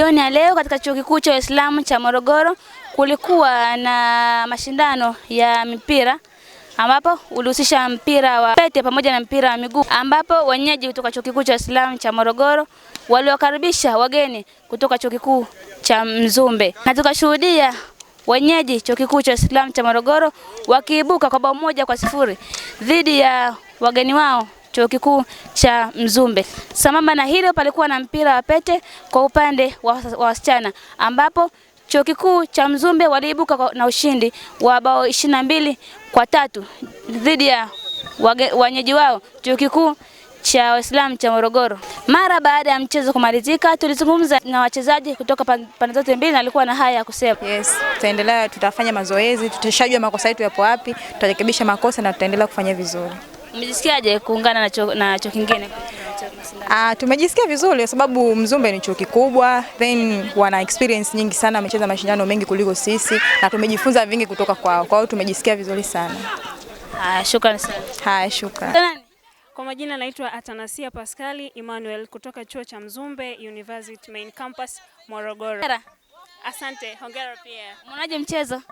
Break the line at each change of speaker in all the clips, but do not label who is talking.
Jioni ya leo katika Chuo Kikuu cha Waislamu cha Morogoro kulikuwa na mashindano ya mipira ambapo ulihusisha mpira wa pete pamoja na mpira wa miguu ambapo wenyeji kutoka Chuo Kikuu cha Waislamu cha Morogoro waliwakaribisha wageni kutoka Chuo Kikuu cha Mzumbe na tukashuhudia wenyeji Chuo Kikuu cha Waislamu cha Morogoro wakiibuka kwa bao moja kwa sifuri dhidi ya wageni wao chuo kikuu cha Mzumbe. Sambamba na hilo, palikuwa na mpira wa pete kwa upande wa wasichana ambapo chuo kikuu cha Mzumbe waliibuka na ushindi wa bao 22 kwa tatu dhidi ya wenyeji wao chuo kikuu cha Waislamu cha Morogoro. Mara baada ya mchezo kumalizika, tulizungumza na wachezaji kutoka pande zote mbili na alikuwa na haya ya kusema.
Yes, tutaendelea tutafanya mazoezi, tutashajua makosa yetu yapo wapi, tutarekebisha makosa na tutaendelea kufanya vizuri.
Umejisikiaje kuungana na chuo na chuo kingine?
Ah, tumejisikia vizuri kwa sababu Mzumbe ni chuo kikubwa, then wana experience nyingi sana, wamecheza mashindano mengi kuliko sisi na tumejifunza vingi kutoka kwao. Kwa hiyo tumejisikia vizuri sana.
Haya, ah, shukrani sana.
Haya, shukrani.
Kwa majina naitwa Atanasia Pascali Emmanuel kutoka chuo cha Mzumbe University Main Campus Morogoro. Asante, hongera pia.
Unaonaje mchezo?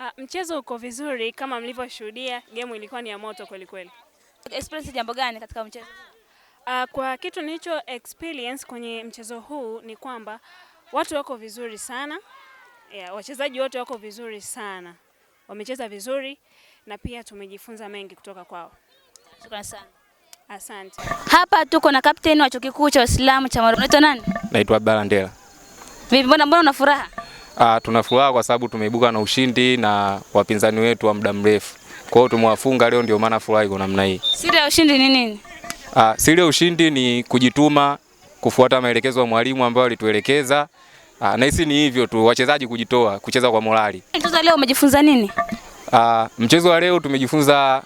Ah, mchezo uko vizuri kama mlivyoshuhudia, game ilikuwa ni ya moto kweli kweli.
Experience jambo gani katika mchezo?
Uh, kwa kitu nilicho experience kwenye mchezo huu ni kwamba watu wako vizuri sana. Yeah, wachezaji wote wako vizuri sana, wamecheza vizuri na pia tumejifunza mengi kutoka kwao. Shukrani sana. Asante.
Hapa tuko na kapteni wa chuo kikuu cha Uislamu cha Morogoro. Unaitwa
nani? Naitwa Abdalla Ndela.
Vipi, mbona mbona una furaha?
Ah, tuna furaha kwa sababu tumeibuka na ushindi na wapinzani wetu wa muda mrefu. Kwa hiyo tumewafunga leo, ndio maana furaha iko namna hii.
Siri ya ushindi ni nini?
Ah, siri ya ushindi ni kujituma, kufuata maelekezo ya mwalimu ambayo alituelekeza. Ah, na hisi ni hivyo tu, wachezaji kujitoa, kucheza kwa morali.
Mchezo leo umejifunza nini?
Ah, mchezo wa leo tumejifunza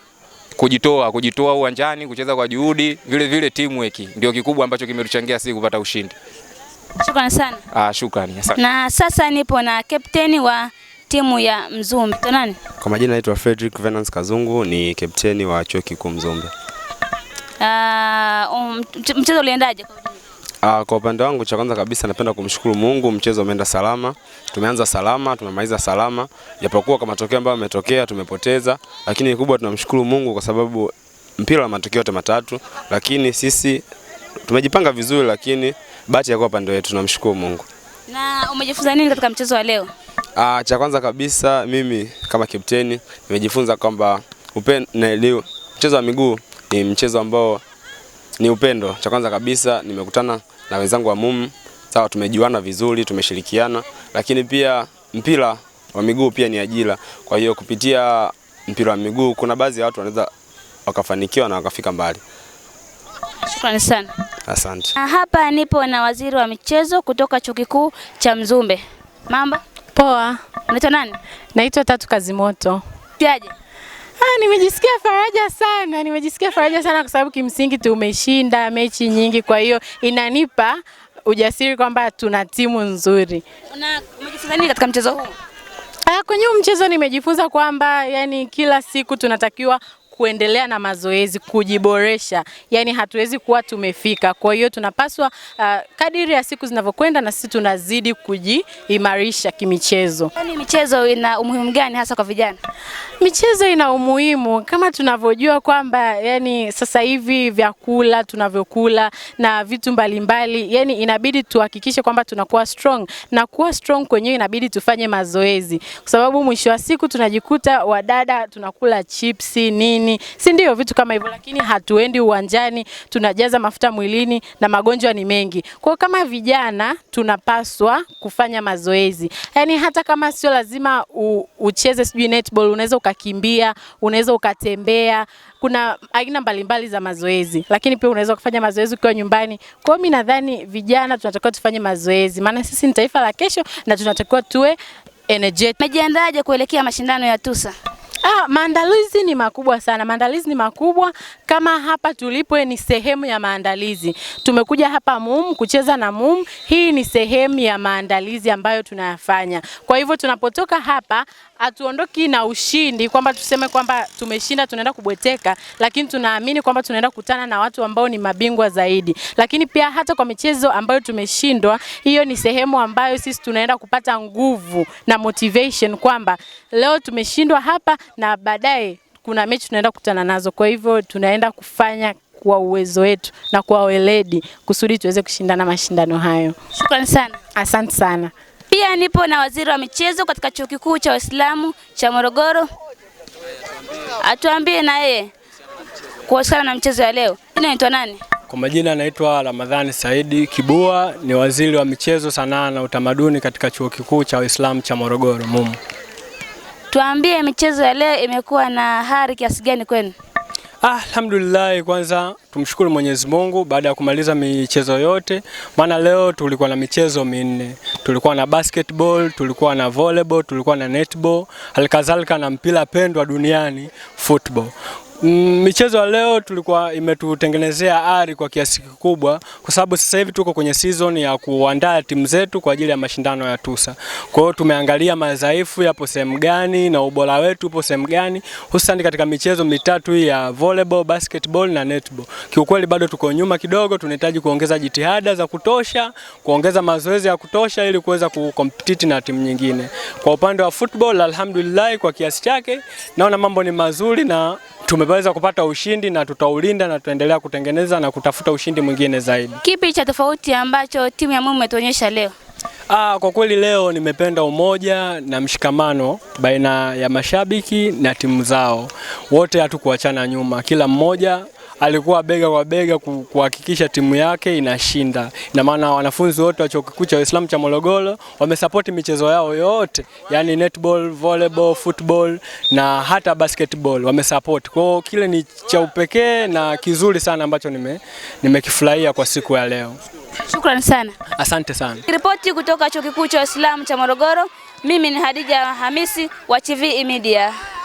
kujitoa, kujitoa uwanjani, kucheza kwa juhudi, vile vile teamwork ndio kikubwa ambacho kimetuchangia sisi kupata ushindi. Shukrani sana. Ah, shukrani.
Na sasa nipo na captain wa timu ya Mzumbe. Nani?
Kwa majina naitwa Frederick Venance Kazungu, ni kapteni wa Chuo Kikuu Mzumbe.
Uh, um, mchezo uliendaje?
Uh, kwa upande wangu cha kwanza kabisa napenda kumshukuru Mungu, mchezo umeenda salama. Tumeanza salama, tumemaliza salama, japokuwa kwa matokeo ambayo yametokea tumepoteza, lakini kubwa tunamshukuru Mungu kwa sababu mpira wa matokeo yote matatu, lakini sisi tumejipanga vizuri, lakini bahati ya kuwa pande yetu. Tunamshukuru Mungu.
Na umejifunza nini katika mchezo wa leo?
Ah, cha kwanza kabisa mimi kama kapteni nimejifunza kwamba mchezo wa miguu ni mchezo ambao ni upendo. Cha kwanza kabisa nimekutana na wenzangu wa MUM, sawa, tumejuana vizuri, tumeshirikiana, lakini pia mpira wa miguu pia ni ajira. Kwa hiyo kupitia mpira wa miguu kuna baadhi ya watu wanaweza wakafanikiwa na wakafika mbali. Shukrani sana. Asante.
Ah, hapa nipo na waziri wa michezo kutoka Chuo Kikuu cha Mzumbe. Mamba Poa. Unaitwa nani?
Naitwa Tatu Kazimoto. Kiaje? Ah, nimejisikia faraja sana, nimejisikia faraja sana kwa sababu kimsingi tumeshinda mechi nyingi, kwa hiyo inanipa ujasiri kwamba tuna timu nzuri.
Una umejifunza nini katika mchezo huu?
Ah, kwenye huu mchezo nimejifunza kwamba yani, kila siku tunatakiwa kuendelea na mazoezi, kujiboresha. Yani hatuwezi kuwa tumefika. Kwa hiyo tunapaswa uh, kadiri ya siku zinavyokwenda na sisi tunazidi kujiimarisha kimichezo.
Yani michezo ina umuhimu gani hasa kwa vijana?
Michezo ina umuhimu kama tunavyojua kwamba yani sasa hivi vyakula tunavyokula na vitu mbalimbali, yani inabidi tuhakikishe kwamba tunakuwa strong na kuwa strong kwenyewe inabidi tufanye mazoezi, kwa sababu mwisho wa siku tunajikuta wadada tunakula chipsi nini mwilini, si ndio? Vitu kama hivyo, lakini hatuendi uwanjani, tunajaza mafuta mwilini na magonjwa ni mengi. Kwa kama vijana tunapaswa kufanya mazoezi, yaani hata kama sio lazima u, ucheze sijui netball, unaweza ukakimbia, unaweza ukatembea. Kuna aina mbalimbali za mazoezi, lakini pia unaweza kufanya mazoezi ukiwa nyumbani. Kwa hiyo mimi nadhani vijana tunatakiwa tufanye mazoezi, maana sisi ni taifa la kesho na tunatakiwa tuwe energetic.
Umejiandaaje kuelekea mashindano ya TUSA?
Ah, maandalizi ni makubwa sana. Maandalizi ni makubwa kama hapa tulipo ni sehemu ya maandalizi. Tumekuja hapa MUM kucheza na MUM. Hii ni sehemu ya maandalizi ambayo tunayafanya. Kwa hivyo tunapotoka hapa hatuondoki na ushindi kwamba tuseme kwamba tumeshinda tunaenda kubweteka, lakini tunaamini kwamba tunaenda kukutana na watu ambao ni mabingwa zaidi. Lakini pia hata kwa michezo ambayo tumeshindwa, hiyo ni sehemu ambayo sisi tunaenda kupata nguvu na motivation kwamba leo tumeshindwa hapa na baadaye kuna mechi tunaenda kukutana nazo. Kwa hivyo tunaenda kufanya kwa uwezo wetu na kwa weledi kusudi tuweze kushindana mashindano hayo.
Shukrani sana,
asante sana.
Pia nipo na waziri wa michezo katika chuo kikuu cha Waislamu cha Morogoro, atuambie na yeye kuhusiana na mchezo ya leo. Naitwa nani?
Kwa majina anaitwa Ramadhani Saidi Kibua, ni waziri wa michezo, sanaa na utamaduni katika chuo kikuu cha Waislamu cha Morogoro MUM.
Tuambie michezo ya leo imekuwa na hari kiasi gani kwenu?
Ah, alhamdulillah, kwanza tumshukuru Mwenyezi Mungu baada ya kumaliza michezo yote, maana leo tulikuwa na michezo minne. Tulikuwa na basketball, tulikuwa na volleyball, tulikuwa na netball, halikadhalika na mpira pendwa duniani football. Mm, michezo ya leo tulikuwa imetutengenezea ari kwa kiasi kikubwa, kwa sababu sasa hivi tuko kwenye season ya kuandaa timu zetu kwa ajili ya mashindano ya TUSA. Kwa hiyo tumeangalia madhaifu yapo sehemu gani na ubora wetu upo sehemu gani, hususan katika michezo mitatu hii ya volleyball, basketball na netball. Kiukweli bado tuko nyuma kidogo, tunahitaji kuongeza jitihada za kutosha, kuongeza mazoezi ya kutosha ili kuweza kucompete na timu nyingine. Kwa upande wa football, alhamdulillah, kwa kiasi chake naona mambo ni mazuri na tumeweza kupata ushindi na tutaulinda na tutaendelea kutengeneza na kutafuta ushindi mwingine zaidi.
Kipi cha tofauti ambacho timu ya Muhimu imetuonyesha leo?
Aa, ah, kwa kweli leo nimependa umoja na mshikamano baina ya mashabiki na timu zao. Wote hatukuachana nyuma, kila mmoja alikuwa bega kwa bega kuhakikisha timu yake inashinda. Ina maana wanafunzi wote wa Chuo Kikuu cha Waislamu cha Morogoro wamesapoti michezo yao yote, yani netball, volleyball, football na hata basketball wamesapoti. Kwa hiyo kile ni cha upekee na kizuri sana ambacho nime nimekifurahia kwa siku ya leo.
Shukrani sana. Asante sana. Ripoti kutoka Chuo Kikuu cha Waislamu cha Morogoro. Mimi ni Hadija Hamisi wa TV e Media.